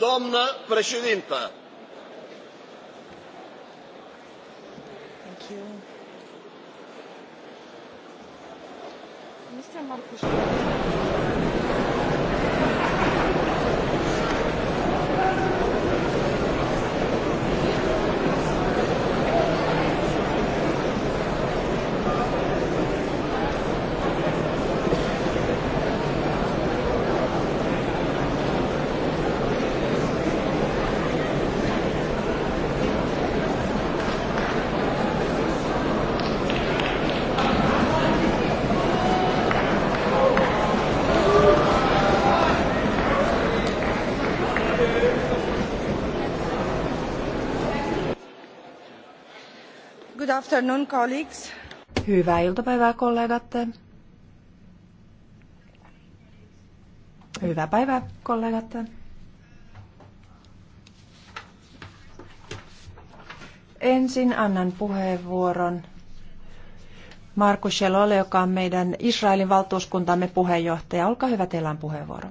Doamnă președintă! Thank you. Mr. Marcus. Good afternoon, colleagues. Hyvää iltapäivää, kollegat. Hyvää päivää, kollegat. Ensin annan puheenvuoron Markus Shelolle, joka on meidän Israelin valtuuskuntamme puheenjohtaja. Olkaa hyvä, teillä on puheenvuoro.